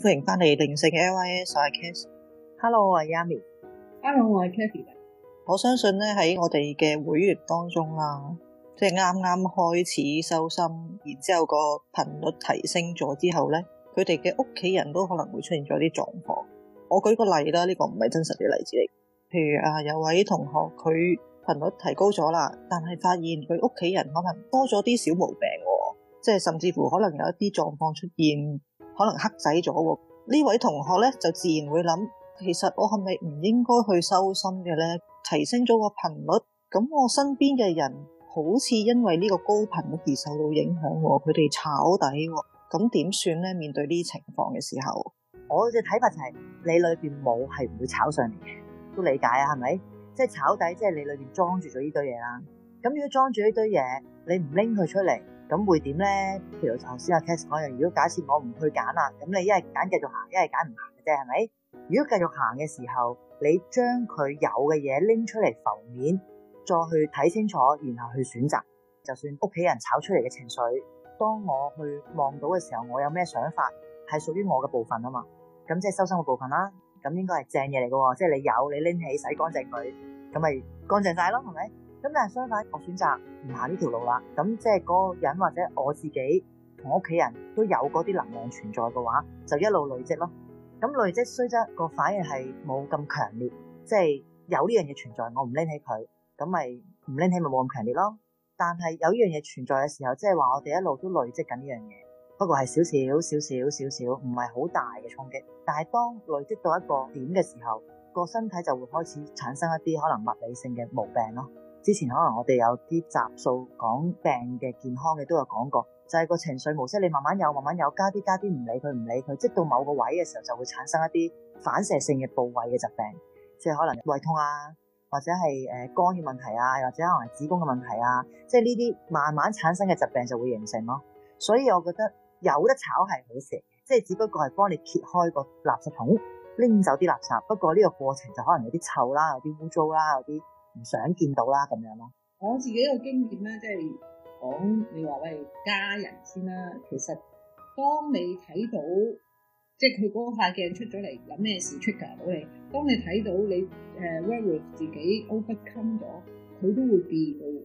歡迎翻嚟，零性嘅 LYS 係 k a t h h e l l o 我係 Yami，Hello，我係 Kathy。Hello, am Hello, 我相信咧喺我哋嘅會員當中啦，即係啱啱開始收心，然之後個頻率提升咗之後咧，佢哋嘅屋企人都可能會出現咗啲狀況。我舉個例啦，呢、這個唔係真實嘅例子嚟。譬如啊，有位同學佢頻率提高咗啦，但係發現佢屋企人可能多咗啲小毛病，即係甚至乎可能有一啲狀況出現。可能黑仔咗喎，呢位同學咧就自然會諗，其實我係咪唔應該去修心嘅咧？提升咗個頻率，咁我身邊嘅人好似因為呢個高頻率而受到影響喎，佢、哦、哋炒底喎，咁點算咧？面對呢啲情況嘅時候，我嘅睇法就係、是、你裏邊冇係唔會炒上嚟，都理解啊，係咪？即、就、係、是、炒底，即係你裏邊裝住咗呢堆嘢啦。咁如果裝住呢堆嘢，你唔拎佢出嚟。咁會點咧？譬如頭先阿 Cass 講嘅，如果假設我唔去揀啊，咁你一係揀繼續行，一係揀唔行嘅啫，係咪？如果繼續行嘅時候，你將佢有嘅嘢拎出嚟浮面，再去睇清楚，然後去選擇。就算屋企人炒出嚟嘅情緒，當我去望到嘅時候，我有咩想法係屬於我嘅部分啊嘛？咁即係修心嘅部分啦。咁應該係正嘢嚟嘅喎，即係你有，你拎起洗乾淨佢，咁咪乾淨晒咯，係咪？咁但係相反，我選擇唔行呢條路啦。咁即係嗰個人或者我自己同屋企人都有嗰啲能量存在嘅話，就一路累積咯。咁累積雖則個反應係冇咁強烈，即係有呢樣嘢存在，我唔拎起佢，咁咪唔拎起咪冇咁強烈咯。但係有呢樣嘢存在嘅時候，即係話我哋一路都累積緊呢樣嘢，不過係少少少少少少，唔係好大嘅衝擊。但係當累積到一個點嘅時候，個身體就會開始產生一啲可能物理性嘅毛病咯。之前可能我哋有啲集數講病嘅健康嘅都有講過，就係個情緒模式，你慢慢有，慢慢有加啲加啲唔理佢唔理佢，即到某個位嘅時候就會產生一啲反射性嘅部位嘅疾病，即係可能胃痛啊，或者係誒肝嘅問題啊，或者可能子宮嘅問題啊，即係呢啲慢慢產生嘅疾病就會形成咯。所以我覺得有得炒係好事，即係只不過係幫你揭開個垃圾桶，拎走啲垃圾。不過呢個過程就可能有啲臭啦，有啲污糟啦，有啲。唔想見到啦，咁樣咯。我自己個經驗咧，即係講你話喂家人先啦、啊。其實當你睇到即係佢嗰塊鏡出咗嚟有咩事出㗎，當你睇到你誒、uh, where 自己 overcome 咗，佢都會變㗎喎。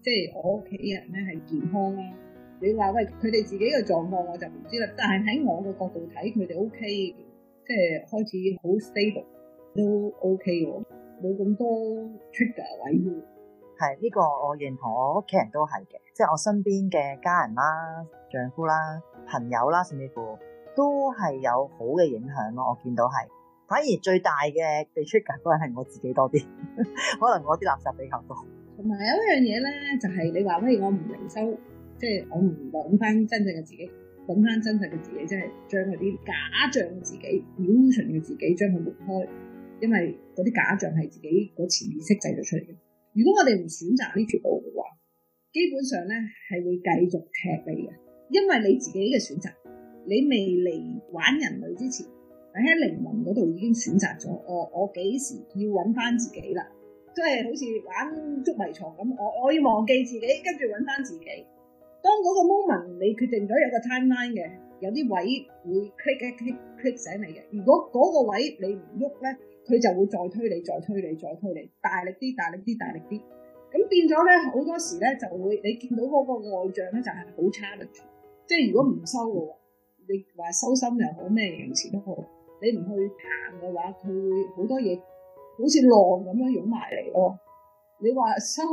即係我屋企人咧係健康啦、啊。你話喂佢哋自己嘅狀況我就唔知啦，但係喺我個角度睇，佢哋 OK，嘅，即係開始好 stable 都 OK 喎。冇咁多 trigger 位，係呢、這個我認同，我屋企人都係嘅，即係我身邊嘅家人啦、啊、丈夫啦、啊、朋友啦，甚至乎都係有好嘅影響咯。我見到係，反而最大嘅被 trigger 嗰個係我自己多啲， 可能我啲垃圾比較多。同埋有一樣嘢咧，就係、是、你話，例如我唔、就是、回收，即係我唔揾翻真正嘅自己，揾翻真實嘅自己，即、就、係、是、將嗰啲假象自己、illusion 嘅自己，將佢撥開。因為嗰啲假象係自己個潛意識製作出嚟嘅。如果我哋唔選擇呢條路嘅話，基本上咧係會繼續踢你嘅，因為你自己嘅選擇。你未嚟玩人類之前，喺靈魂嗰度已經選擇咗我，我幾時要揾翻自己啦？即係好似玩捉迷藏咁，我我要忘記自己，跟住揾翻自己。當嗰個 moment 你決定咗有個 timeline 嘅，有啲位會 click 一 click click 醒你嘅。如果嗰個位你唔喐咧，佢就會再推你，再推你，再推你，大力啲，大力啲，大力啲。咁變咗咧，好多時咧就會你見到嗰個外象咧就係好差得，即係如果唔收嘅話，你話收心又好，咩用詞都好，你唔去談嘅話，佢會多好多嘢好似浪咁樣湧埋嚟咯。你話收，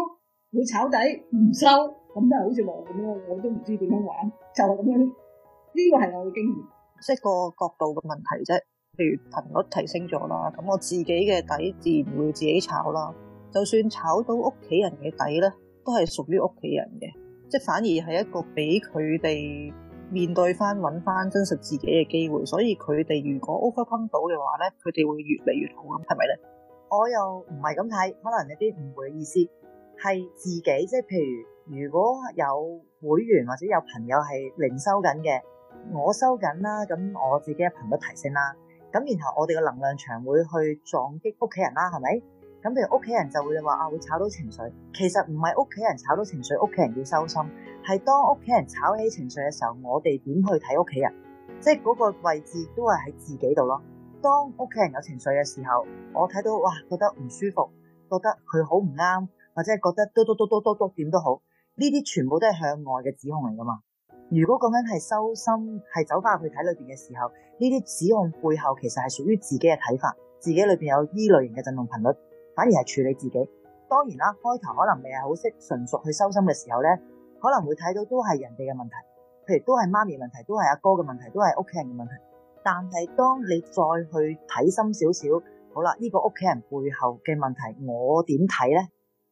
你炒底唔收，咁都係好似浪咁樣。我都唔知點樣玩，就係咁樣。呢個係我嘅經驗，即係個角度嘅問題啫。譬如頻率提升咗啦，咁我自己嘅底自然會自己炒啦。就算炒到屋企人嘅底咧，都係屬於屋企人嘅，即係反而係一個俾佢哋面對翻揾翻真實自己嘅機會。所以佢哋如果 overcome 到嘅話咧，佢哋會越嚟越好咁，係咪咧？我又唔係咁睇，可能有啲誤會嘅意思係自己，即係譬如如果有會員或者有朋友係零收緊嘅，我收緊啦，咁我自己嘅頻率提升啦。咁然後我哋嘅能量場會去撞擊屋企人啦，係咪？咁譬如屋企人就會話啊，會炒到情緒。其實唔係屋企人炒到情緒，屋企人要收心。係當屋企人炒起情緒嘅時候，我哋點去睇屋企人？即係嗰個位置都係喺自己度咯。當屋企人有情緒嘅時候，我睇到哇，覺得唔舒服，覺得佢好唔啱，或者係覺得嘟嘟嘟嘟嘟嘟點都好，呢啲全部都係向外嘅指控嚟㗎嘛。如果講緊係收心，係走翻去睇裏邊嘅時候，呢啲指控背後其實係屬於自己嘅睇法，自己裏邊有呢類型嘅震動頻率，反而係處理自己。當然啦，開頭可能未係好識純熟去收心嘅時候呢，可能會睇到都係人哋嘅問題，譬如都係媽咪問題，都係阿哥嘅問題，都係屋企人嘅問題。但係當你再去睇深少少，好啦，呢個屋企人背後嘅問題，我點睇呢？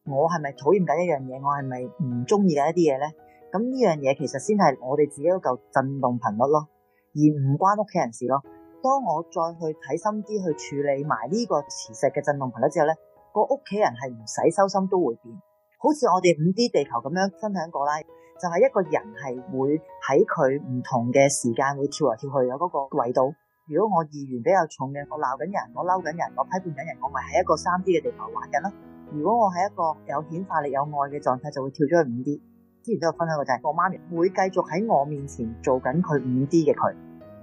我係咪討厭緊一樣嘢？我係咪唔中意嘅一啲嘢呢？咁呢樣嘢，其實先係我哋自己嗰嚿震動頻率咯，而唔關屋企人事咯。當我再去睇深啲去處理埋呢個磁石嘅震動頻率之後咧，個屋企人係唔使收心都會變。好似我哋五 D 地球咁樣分享過啦，就係一個人係會喺佢唔同嘅時間會跳來跳去喺嗰個維度。如果我意願比較重嘅，我鬧緊人，我嬲緊人，我批判緊人，我咪喺一個三 D 嘅地球玩緊咯。如果我喺一個有顯化力、有愛嘅狀態，就會跳咗去五 D。之前都有分享過就係我媽咪會繼續喺我面前做緊佢五 D 嘅佢，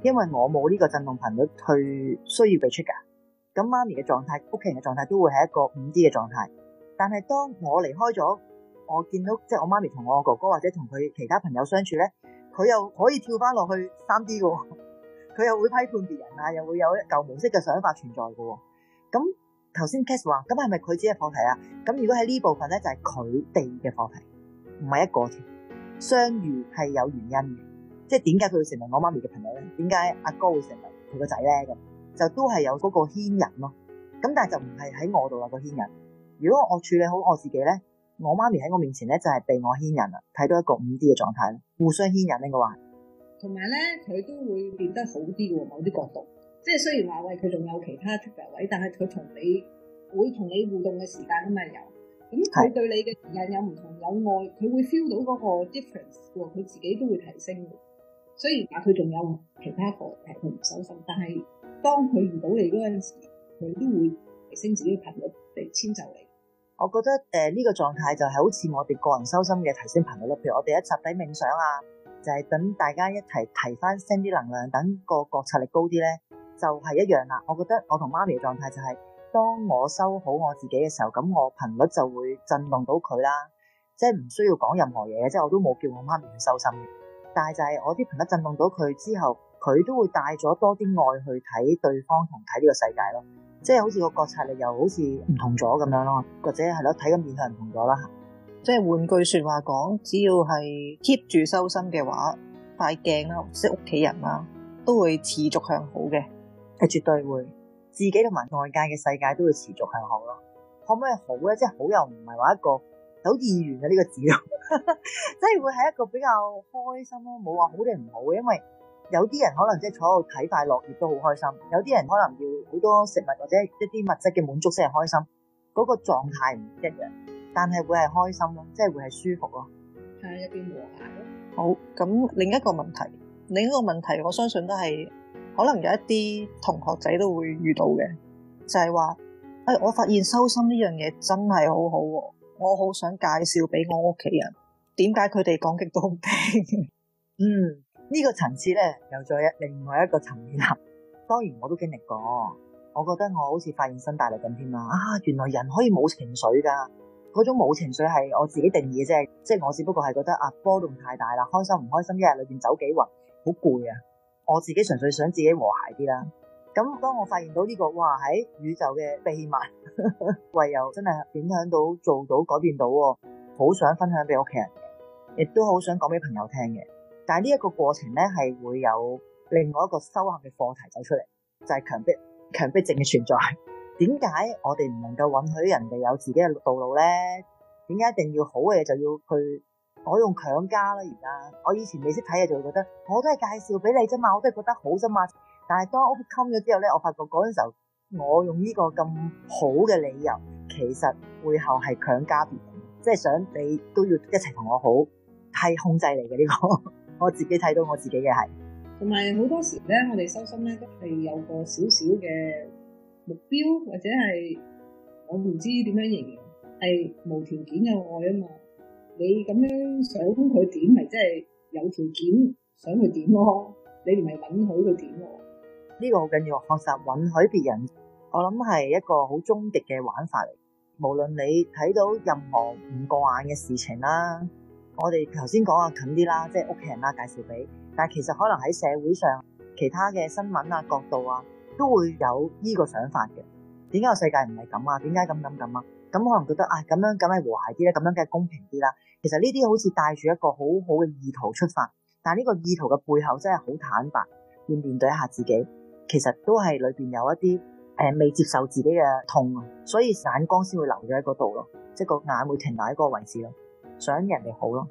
因為我冇呢個震動頻率去需要俾出噶。咁媽咪嘅狀態，屋企人嘅狀態都會係一個五 D 嘅狀態。但係當我離開咗，我見到即係我媽咪同我哥哥或者同佢其他朋友相處咧，佢又可以跳翻落去三 D 嘅，佢又會批判別人啊，又會有一舊模式嘅想法存在嘅，哦。咁頭先 Kess 話，咁係咪佢只係課題啊？咁如果喺呢部分咧，就係佢哋嘅課題。唔係一個添，相遇係有原因嘅，即係點解佢會成為我媽咪嘅朋友咧？點解阿哥會成為佢個仔咧？咁就都係有嗰個牽引咯。咁但係就唔係喺我度有個牽引。如果我處理好我自己咧，我媽咪喺我面前咧就係、是、被我牽引啦，睇到一個五 D 嘅狀態，互相牽引應該話。同埋咧，佢都會變得好啲嘅喎，某啲角度，即係雖然話喂佢仲有其他出嚟位，但係佢同你會同你互動嘅時間啊嘛有。咁佢對你嘅時間有唔同有愛，佢會 feel 到嗰個 difference 喎，佢自己都會提升嘅。雖然話佢仲有其他個係佢唔收心，但係當佢唔到你嗰陣時，佢都會提升自己嘅頻率嚟遷就你。我覺得誒呢個狀態就係好似我哋個人修心嘅提升頻率啦，譬如我哋一集體冥想啊，就係等大家一齊提翻升啲能量，等個覺察力高啲咧，就係一樣啦。我覺得我同媽咪嘅狀態就係。當我修好我自己嘅時候，咁我頻率就會震動到佢啦，即係唔需要講任何嘢，即係我都冇叫我媽咪去修心，但係就係我啲頻率震動到佢之後，佢都會帶咗多啲愛去睇對方同睇呢個世界咯，即係好似個覺察力又好似唔同咗咁樣咯，或者係咯，睇嘅面向唔同咗啦，即係換句說話講，只要係 keep 住修心嘅話，塊鏡啦，即屋企人啦，都會持續向好嘅，係絕對會。自己同埋外界嘅世界都會持續向好咯，可唔可以好咧？即係好又唔係話一個有意願嘅呢個字咯，即係會係一個比較開心咯，冇話好定唔好嘅，因為有啲人可能即係坐喺度睇塊落葉都好開心，有啲人可能要好多食物或者一啲物質嘅滿足先係開心，嗰個狀態唔一樣，但係會係開心咯，即係會係舒服咯，係一啲和諧咯。好，咁另一個問題，另一個問題，我相信都係。可能有一啲同學仔都會遇到嘅，就係話：哎，我發現修心呢樣嘢真係好好喎，我好想介紹俾我屋企人。點解佢哋講極都唔聽？ 嗯，呢個層次咧，又再有另外一個層面啦。當然我都經歷過，我覺得我好似發現新大陸咁添啊！啊，原來人可以冇情緒噶，嗰種冇情緒係我自己定義啫，即係我只不過係覺得啊波動太大啦，開心唔開心一日裏邊走幾勻，好攰啊！我自己純粹想自己和諧啲啦。咁當我發現到呢、這個，哇喺、哎、宇宙嘅秘密， 唯有真係影響到做到改變到喎、哦，好想分享俾屋企人嘅，亦都好想講俾朋友聽嘅。但係呢一個過程呢，係會有另外一個修行嘅課題走出嚟，就係、是、強迫強迫症嘅存在。點解我哋唔能夠允許人哋有自己嘅道路呢？點解一定要好嘅嘢就要去？我用強加啦，而家我以前未識睇嘢就會覺得，我都係介紹俾你啫嘛，我都係覺得好啫嘛。但係當我 open 咗之後咧，我發覺嗰陣時候，我用呢個咁好嘅理由，其實背後係強加別人，即係想你都要一齊同我好，係控制嚟嘅呢個。我自己睇到我自己嘅係。同埋好多時咧，我哋修心咧都係有個少少嘅目標，或者係我唔知點樣形容，係無條件嘅愛啊嘛。你咁樣想佢點，咪即係有條件想佢點咯？你唔係允許佢點喎？呢個好緊要，學習允許別人，我諗係一個好終極嘅玩法嚟。無論你睇到任何唔過眼嘅事情啦，我哋頭先講啊近啲啦，即係屋企人啦介紹俾，但係其實可能喺社會上其他嘅新聞啊角度啊，都會有呢個想法嘅。點解個世界唔係咁啊？點解咁咁咁啊？咁、嗯、可能覺得啊，咁樣梗係和諧啲咧，咁樣梗係公平啲啦。其實呢啲好似帶住一個好好嘅意圖出發，但係呢個意圖嘅背後真係好坦白，要面對一下自己。其實都係裏邊有一啲誒、呃、未接受自己嘅痛，所以散光先會留咗喺嗰度咯，即係個眼會停留喺嗰個位置咯，想人哋好咯。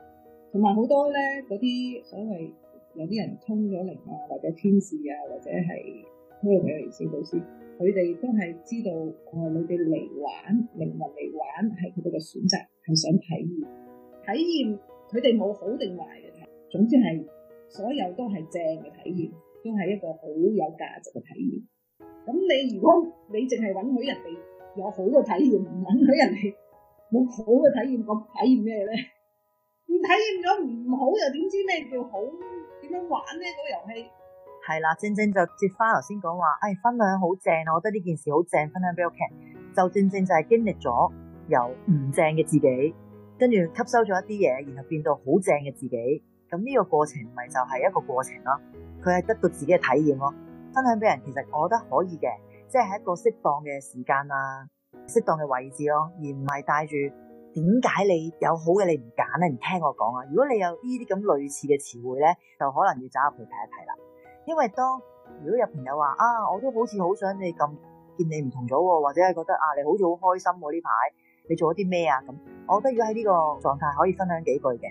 同埋好多咧嗰啲所謂有啲人通咗嚟，啊，或者天使啊，或者係咩嘅意思？佢哋都係知道，哦，你哋嚟玩，靈魂嚟玩，係佢哋嘅選擇，係想體驗體驗。佢哋冇好定壞嘅體，總之係所有都係正嘅體驗，都係一個好有價值嘅體驗。咁你如果你淨係允許人哋有好嘅體驗，唔允許人哋冇好嘅體驗，咁體驗咩咧？唔體驗咗唔好，又點知咩叫好？點樣玩呢個遊戲？係啦，正正就接返。頭先講話，誒分享好正，我覺得呢件事好正，分享俾我聽。就正正就係經歷咗由唔正嘅自己，跟住吸收咗一啲嘢，然後變到好正嘅自己。咁呢個過程咪就係一個過程咯，佢係得到自己嘅體驗咯。分享俾人其實我覺得可以嘅，即係喺一個適當嘅時間啊、適當嘅位置咯，而唔係帶住點解你有好嘅你唔揀咧，唔聽我講啊。如果你有呢啲咁類似嘅詞彙咧，就可能要走入去睇一睇啦。因為當如果有朋友話啊，我都好似好想你咁見你唔同咗，或者係覺得啊，你好似好開心喎呢排，你做咗啲咩啊？咁我覺得如果喺呢個狀態可以分享幾句嘅，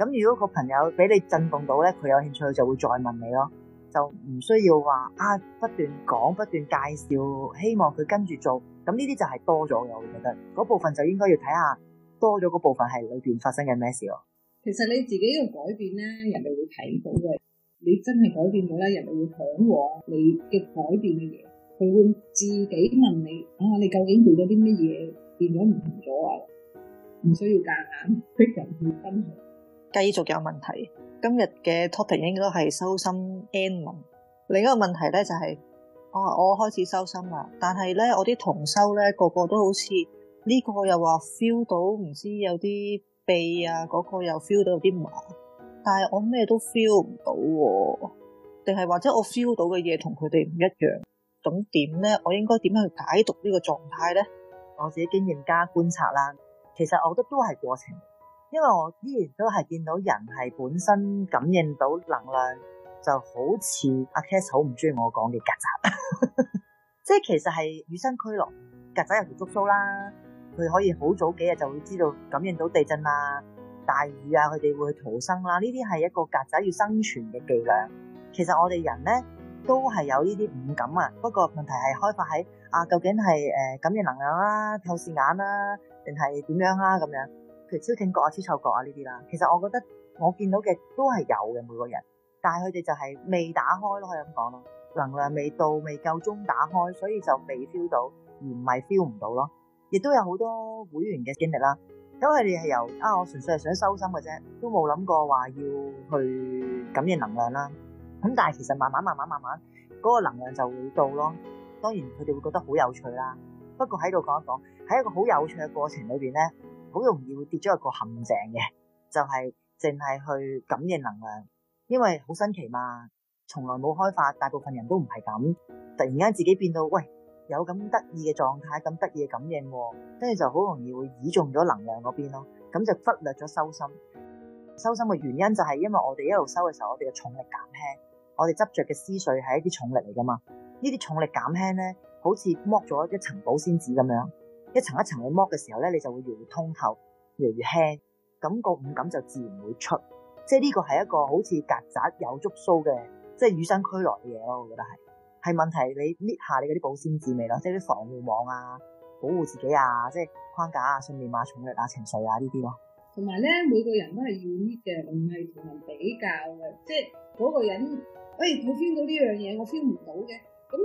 咁如果個朋友俾你震動到咧，佢有興趣就會再問你咯，就唔需要話啊不斷講不斷介紹，希望佢跟住做，咁呢啲就係多咗嘅。我覺得嗰部分就應該要睇下多咗嗰部分係裏邊發生緊咩事咯。其實你自己嘅改變咧，人哋會睇到嘅。你真係改變到啦，人哋會向往你嘅改變嘅嘢，佢會自己問你啊，你究竟做咗啲乜嘢，變咗唔同咗啊？唔需要夾硬逼人去分享。繼續有問題，今日嘅 topic 應該係修心 N 問。另一個問題咧就係、是，啊，我開始修心啦，但係咧我啲同修咧個個都好似呢、這個又話 feel 到唔知有啲鼻啊，嗰、那個又 feel 到有啲麻。但係我咩都 feel 唔到喎，啊，定係或者我 feel 到嘅嘢同佢哋唔一樣，咁點呢？我應該點樣去解讀呢個狀態呢？我自己經驗加觀察啦，其實我覺得都係過程，因為我依然都係見到人係本身感應到能量，就好似阿 Kess 好唔中意我講嘅曱甴，即 係其實係與生俱來，曱甴又做觸鬚啦，佢可以好早幾日就會知道感應到地震啦。大雨啊！佢哋會逃生啦。呢啲係一個曱甴要生存嘅伎倆。其實我哋人呢都係有呢啲五感啊，不過問題係開發喺啊，究竟係誒感應能量啦、透視眼啦，定係點樣啦咁樣？譬如超聽覺啊、超嗅覺啊呢啲啦。其實我覺得我見到嘅都係有嘅，每個人，但係佢哋就係未打開咯，可以咁講咯，能量未到，未夠鐘打開，所以就未 feel 到，而唔係 feel 唔到咯。亦都有好多會員嘅經歷啦。因為佢哋係由啊，我純粹係想收心嘅啫，都冇諗過話要去感應能量啦。咁但係其實慢慢慢慢慢慢，嗰個能量就會到咯。當然佢哋會覺得好有趣啦。不過喺度講一講，喺一個好有趣嘅過程裏邊咧，好容易會跌咗一個陷阱嘅，就係淨係去感應能量，因為好新奇嘛，從來冇開發，大部分人都唔係咁，突然間自己變到喂。有咁得意嘅狀態，咁得意嘅感應，跟住就好容易會倚重咗能量嗰邊咯，咁就忽略咗修心。修心嘅原因就係因為我哋一路修嘅時候，我哋嘅重力減輕，我哋執着嘅思緒係一啲重力嚟㗎嘛。呢啲重力減輕呢，好似剝咗一層保鮮紙咁樣，一層一層去剝嘅時候呢，你就會越嚟越通透，越嚟越輕，咁個五感就自然會出。即係呢個係一個好似曱甴有觸鬚嘅，即係與生俱來嘅嘢咯，我覺得係。係問題，你搣下你嗰啲保鮮紙未咯？即係啲防護網啊，保護自己啊，即係框架啊，信念啊、重略啊、情緒啊，啊呢啲咯。同埋咧，每個人都係要搣嘅，唔係同人比較嘅。即係嗰個人，哎，我 feel 到呢樣嘢，我 feel 唔到嘅。咁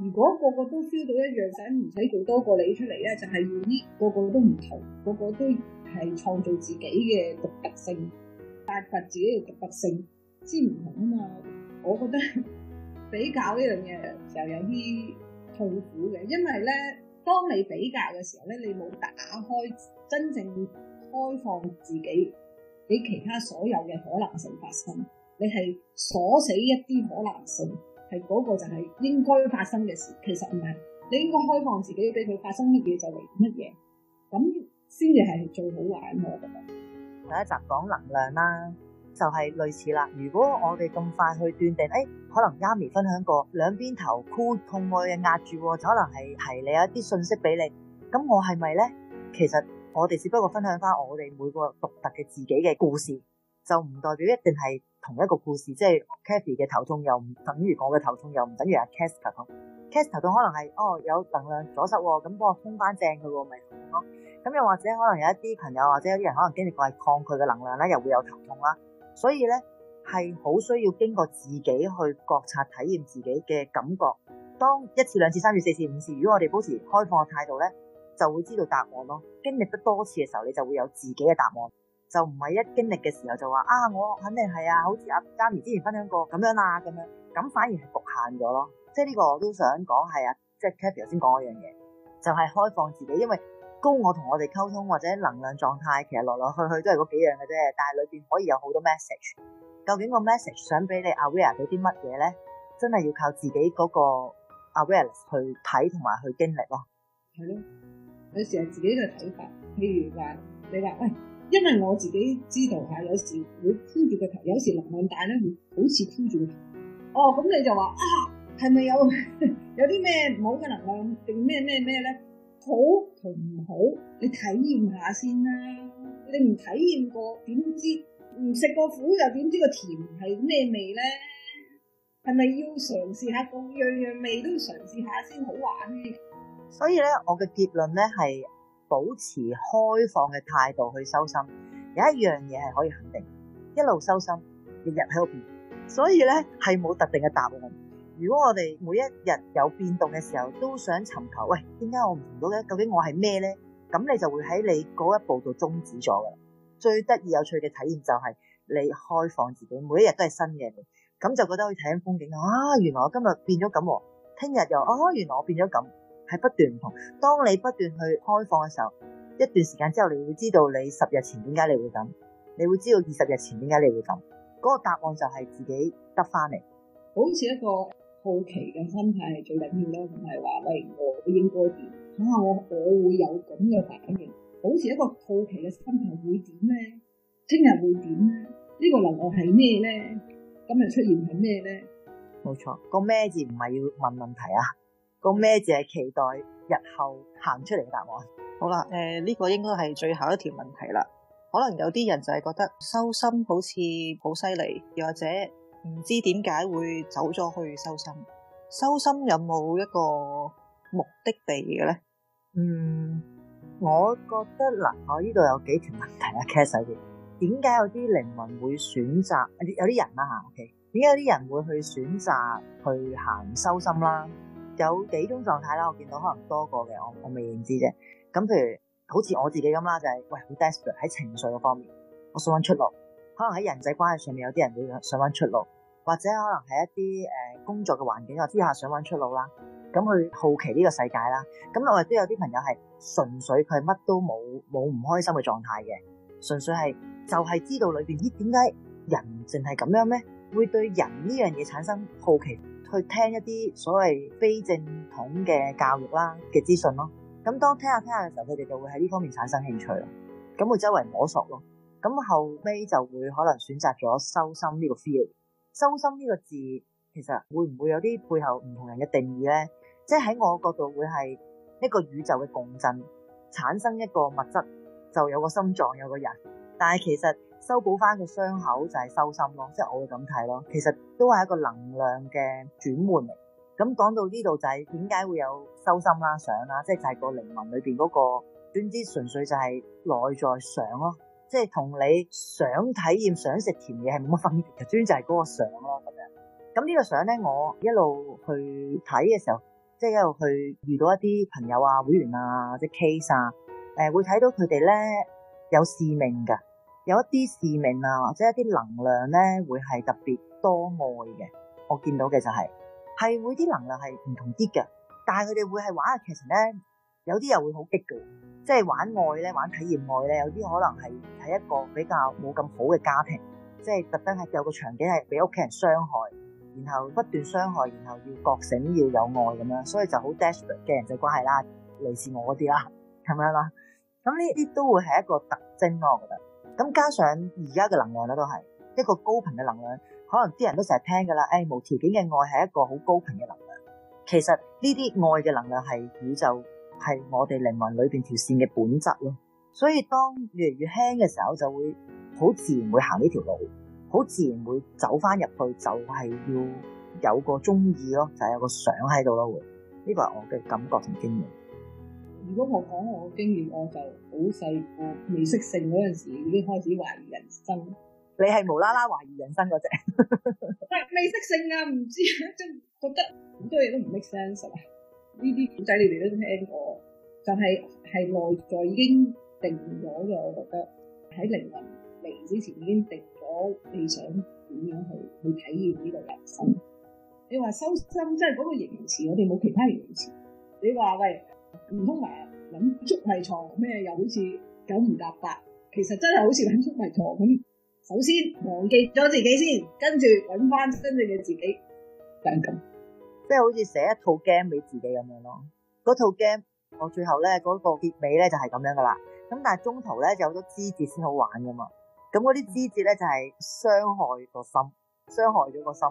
如果個個都 feel 到一樣，使唔使做多個你出嚟咧？就係要搣，個個都唔同，個個都係創造自己嘅獨特性，發掘自己嘅獨特性先唔同啊嘛。我覺得。比較呢樣嘢就有啲痛苦嘅，因為咧，當你比較嘅時候咧，你冇打開真正開放自己，俾其他所有嘅可能性發生。你係鎖死一啲可能性，係嗰個就係應該發生嘅事。其實唔係，你應該開放自己俾佢發生乜嘢就嚟乜嘢，咁先至係最好玩，我覺得。第一集講能量啦。就係類似啦。如果我哋咁快去斷定，誒、哎、可能 Yami 分享過兩邊頭箍痛喎，壓住就可能係提你一啲信息俾你。咁我係咪呢？其實我哋只不過分享翻我哋每個獨特嘅自己嘅故事，就唔代表一定係同一個故事。即係 Kathy 嘅頭痛又唔等於我嘅頭痛，又唔等於阿 Cast 頭痛。Cast 頭痛可能係哦有能量阻塞喎、哦，咁幫我通翻正佢喎、哦，咪頭痛咯。咁又或者可能有一啲朋友或者有啲人可能經歷過係抗拒嘅能量咧，又會有頭痛啦。所以咧係好需要經過自己去覺察體驗自己嘅感覺。當一次兩次三次四次五次，如果我哋保持開放嘅態度咧，就會知道答案咯。經歷得多次嘅時候，你就會有自己嘅答案，就唔係一經歷嘅時候就話啊，我肯定係啊，好似阿嘉怡之前分享過咁樣啦、啊，咁樣咁反而係局限咗咯。即係呢個我都想講係啊，即係 Kathy 頭先講一樣嘢，就係、是、開放自己，因為。高我同我哋溝通或者能量狀態，其實來來去去都係嗰幾樣嘅啫。但係裏邊可以有好多 message。究竟個 message 想俾你 aware 到啲乜嘢咧？真係要靠自己嗰個 aware 去睇同埋去經歷咯。係咯，有時候自己嘅睇法。譬如話，你話喂，因為我自己知道嚇，有時會箍住個頭，有時能量大咧，會好似箍住個頭。哦，咁你就話啊，係咪有有啲咩唔好嘅能量定咩咩咩咧？好同唔好，你體驗下先啦。你唔體驗過點知？唔食過苦又點知個甜係咩味咧？係咪要嘗試下各樣樣味都要嘗試下先好玩咧？所以咧，我嘅結論咧係保持開放嘅態度去修心。有一樣嘢係可以肯定，一路修心，日日喺度變。所以咧係冇特定嘅答案。如果我哋每一日有變動嘅時候，都想尋求，喂，點解我唔同到咧？究竟我係咩呢？咁你就會喺你嗰一步度終止咗噶啦。最得意有趣嘅體驗就係你開放自己，每一日都係新嘅，咁就覺得可以睇緊風景啊！原來我今日變咗咁啊，聽日又哦，原來我變咗咁，係不斷唔同。當你不斷去開放嘅時候，一段時間之後，你會知道你十日前點解你會咁，你會知道二十日前點解你會咁。嗰個答案就係自己得翻嚟，好似一個。好奇嘅心態係最緊要咯，唔係話，喂，我應該點？啊我我會有咁嘅反應，保持一個好奇嘅心態會點咧？聽日會點咧？呢個能量係咩咧？今日出現係咩咧？冇錯，個咩字唔係要問問題啊，個咩字係期待日後行出嚟嘅答案。好啦，誒，呢個應該係最後一條問題啦，可能有啲人就係覺得修心好似好犀利，又或者。唔知點解會走咗去修心？修心有冇一個目的地嘅咧？嗯，我覺得嗱，我呢度有幾條問題啊，case 啲點解有啲靈魂會選擇，有啲人啦吓，OK？點解有啲人會去選擇去行修心啦？有幾種狀態啦，我見到可能多過嘅，我我未認知啫。咁譬如好似我自己咁啦，就係喂，好 desperate 喺情緒嗰方面，我想揾出路。可能喺人際關係上面有啲人會想揾出路，或者可能係一啲誒，工作嘅環境之下想揾出路啦。咁佢好奇呢個世界啦。咁我亦都有啲朋友係純粹佢乜都冇冇唔開心嘅狀態嘅，純粹係就係知道裏邊，咦，點解人淨係咁樣咩？會對人呢樣嘢產生好奇，去聽一啲所謂非正統嘅教育啦、嘅資訊咯。咁當聽下聽下嘅時候，佢哋就會喺呢方面產生興趣咯。咁佢周圍摸索咯。咁後尾就會可能選擇咗修心呢個 feel。修心呢個字其實會唔會有啲背後唔同人嘅定義呢？即喺我嘅角度會係一個宇宙嘅共振產生一個物質，就有個心臟有個人。但係其實修補翻個傷口就係修心咯，即係我會咁睇咯。其實都係一個能量嘅轉換嚟。咁講到呢度就係點解會有修心啦、想啦，即係就係個靈魂裏邊嗰個總之純粹就係內在想咯。即係同你想體驗想食甜嘢係冇乜分別嘅，主要就係嗰個相咯咁樣。咁呢個相咧，我一路去睇嘅時候，即係一路去遇到一啲朋友啊、會員啊或者 case 啊，誒會睇到佢哋咧有使命噶，有一啲使命啊或者一啲能量咧會係特別多愛嘅。我見到嘅就係，係會啲能量係唔同啲嘅，但係佢哋會係玩下劇情咧。有啲又會好激嘅，即係玩愛咧，玩體驗愛咧。有啲可能係喺一個比較冇咁好嘅家庭，即係特登係有個場景係俾屋企人傷害，然後不斷傷害，然後要覺醒要有愛咁樣，所以就好 desperate 嘅人際關係啦，類似我嗰啲啦，咁樣啦。咁呢啲都會係一個特徵咯，我覺得咁加上而家嘅能量咧都係一個高頻嘅能量，可能啲人都成日聽噶啦，誒無條件嘅愛係一個好高頻嘅能量。其實呢啲愛嘅能量係宇宙。係我哋靈魂裏邊條線嘅本質咯，所以當越嚟越輕嘅時候，就會好自然會行呢條路，好自然會走翻入去，就係要有個中意咯，就係有個想喺度咯。會呢個係我嘅感覺同經驗。如果我講我經驗，我就好細個未識性嗰陣時，已經開始懷疑人生。你係無啦啦懷疑人生嗰隻？但未識性啊，唔知啊，就覺得好多嘢都唔 make sense 啊。呢啲古仔你哋都聽過，就係係內在已經定咗嘅，我覺得喺靈魂嚟之前已經定咗你想點樣去去體驗呢個人生。你話修心，即係嗰個形容詞，我哋冇其他形容詞。你話喂唔通話諗捉迷藏咩？又好似九唔搭八，其實真係好似揾捉迷藏咁。首先忘記咗自己先，跟住揾返真正嘅自己，就係咁。即係好似寫一套 game 俾自己咁樣咯，嗰套 game 我最後咧嗰個結尾咧就係咁樣噶啦。咁但係中途咧就好多枝節先好玩噶嘛。咁嗰啲枝節咧就係傷害個心，傷害咗個心。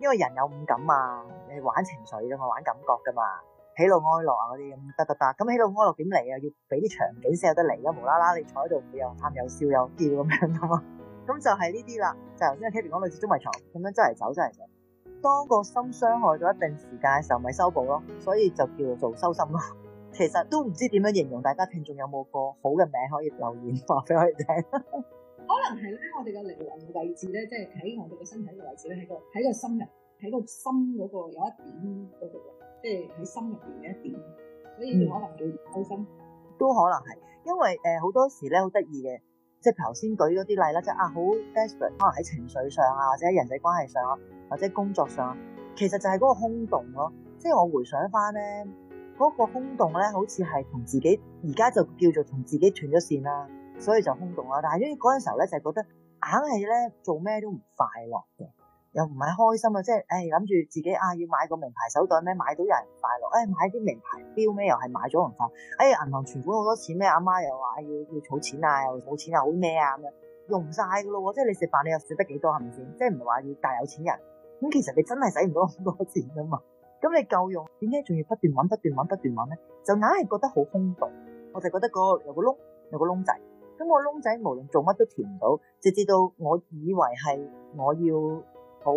因為人有五感嘛，你玩情緒噶嘛，玩感覺噶嘛，喜怒哀樂啊嗰啲咁，得得得。咁喜怒哀樂點嚟啊？要俾啲場景先有得嚟啦，無啦啦你坐喺度又喊又笑又叫咁樣噶嘛。咁就係呢啲啦，就頭先阿 Kiki 講類似捉迷藏咁樣，追嚟走，追嚟走。當個心傷害咗一定時間嘅時候，咪修補咯，所以就叫做修心咯。其實都唔知點樣形容，大家聽眾有冇個好嘅名可以留言話俾我哋聽？可能係咧，我哋嘅靈魂位置咧，即係喺我哋嘅身體嘅位置咧，喺個喺個心入，喺個心嗰個有一點嗰度，即係喺心入邊嘅一點，所以就可能叫修心。都可能係，因為誒好多時咧好得意嘅，即係頭先舉嗰啲例啦，即係啊好 desperate，可能喺情緒上啊，或者人際關係上咯。或者工作上，其實就係嗰個空洞咯。即係我回想翻咧，嗰、那個空洞咧，好似係同自己而家就叫做同自己斷咗線啦，所以就空洞啦。但係因為嗰陣時候咧，就覺得硬係咧做咩都唔快樂嘅，又唔係開心、哎、啊。即係誒諗住自己啊要買個名牌手袋咩，買到有人快樂。誒、哎、買啲名牌表咩，又係買咗唔快。誒、哎、銀行存款好多錢咩，阿媽又話要要儲錢啊，又儲錢啊，好咩啊咁樣、啊、用唔曬噶咯喎。即係你食飯你又食得幾多係咪先？即係唔係話要大有錢人？咁其實你真係使唔到咁多錢啊嘛。咁你夠用，點解仲要不斷揾、不斷揾、不斷揾咧？就硬係覺得好空洞。我就覺得個有個窿，有個窿仔。咁個窿仔無論做乜都填唔到，直至到我以為係我要好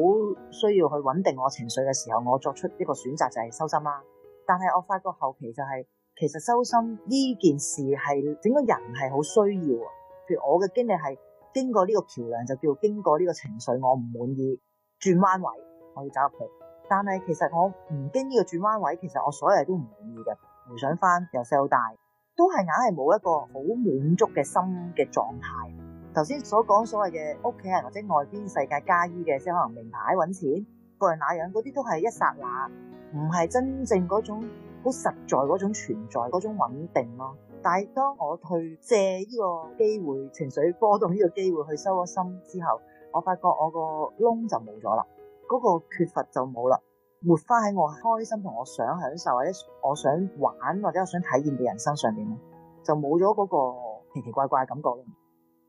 需要去穩定我情緒嘅時候，我作出一個選擇就係收心啦。但係我發覺後期就係其實收心呢件事係整個人係好需要啊。譬如我嘅經歷係經過呢個橋梁，就叫經過呢個情緒，我唔滿意。轉彎位，我要走入去。但係其實我唔經呢個轉彎位，其實我所有嘢都唔滿意嘅。回想翻由細到大，都係硬係冇一個好滿足嘅心嘅狀態。頭先所講所謂嘅屋企人或者外邊世界加衣嘅，即可能名牌揾錢，個人那樣嗰啲都係一剎那，唔係真正嗰種好實在嗰種存在嗰種穩定咯。但係當我退借呢個機會，情緒波動呢個機會去收咗心之後。我發覺我個窿，就冇咗啦，嗰個缺乏就冇啦，活翻喺我開心同我想享受或者我想玩或者我想體驗嘅人生上邊咧，就冇咗嗰個奇奇怪怪感覺咯。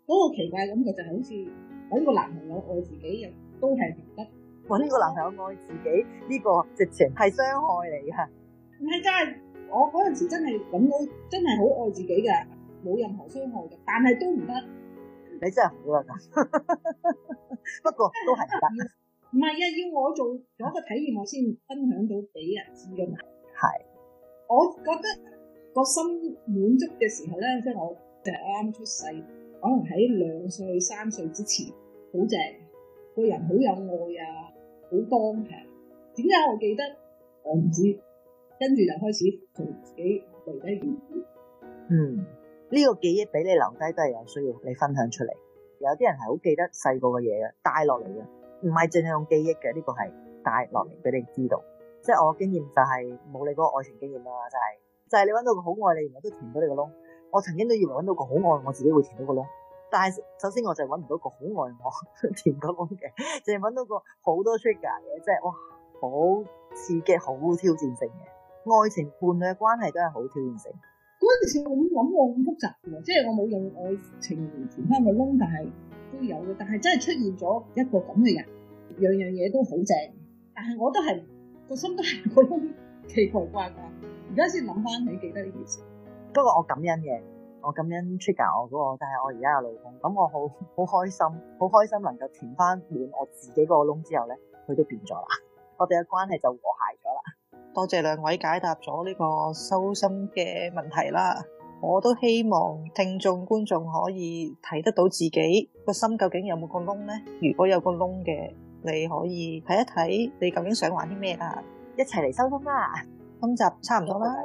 嗰個奇怪嘅感覺就係好似搵個男朋友愛自己又都係唔得，搵個男朋友愛自己呢個直情係傷害嚟㗎。唔係真係，我嗰陣時真係咁到，真係好愛自己嘅，冇任何傷害嘅，但係都唔得。你真係好啊！ 不過都係唔得，唔係啊！要我做嗰個體驗，我先分享到俾人知噶嘛。係的，我覺得個心滿足嘅時候咧，即係我就啱出世，可能喺兩歲三歲之前，好正，個人好有愛啊，好當平。點解我記得？我唔知。跟住就開始同自己嚟低件事。嗯。呢個記憶俾你留低都係有需要，你分享出嚟。有啲人係好記得細個嘅嘢嘅，帶落嚟嘅，唔係淨係用記憶嘅。呢個係帶落嚟俾你知道。即係我經驗就係冇你嗰個愛情經驗啦，就係就係你揾到個好愛你，我都填到你個窿。我曾經都以為揾到個好愛我自己會填到一個窿，但係首先我就揾唔到個好愛我填個窿嘅，淨係揾到個好多 trigger 嘅，即係哇好刺激、好挑戰性嘅愛情、伴侶嘅關係都係好挑戰性。嗰件事我冇諗過咁複雜，即係我冇用愛情填翻個窿，但係都有嘅。但係真係出現咗一個咁嘅人，樣樣嘢都好正。但係我都係個心都係覺得奇奇怪怪。而家先諗翻起你記得呢件事。不過我感恩嘅，我感恩 trigger 我嗰 tr、個，但係我而家有老公，咁我好好開心，好開心能夠填翻滿我自己嗰個窿之後咧，佢都變咗啦，我哋嘅關係就和諧咗啦。多謝兩位解答咗呢個修心嘅問題啦！我都希望聽眾觀眾可以睇得到自己個心究竟有冇個窿呢。如果有個窿嘅，你可以睇一睇你究竟想玩啲咩呀，一齊嚟修心啦！今集差唔多啦。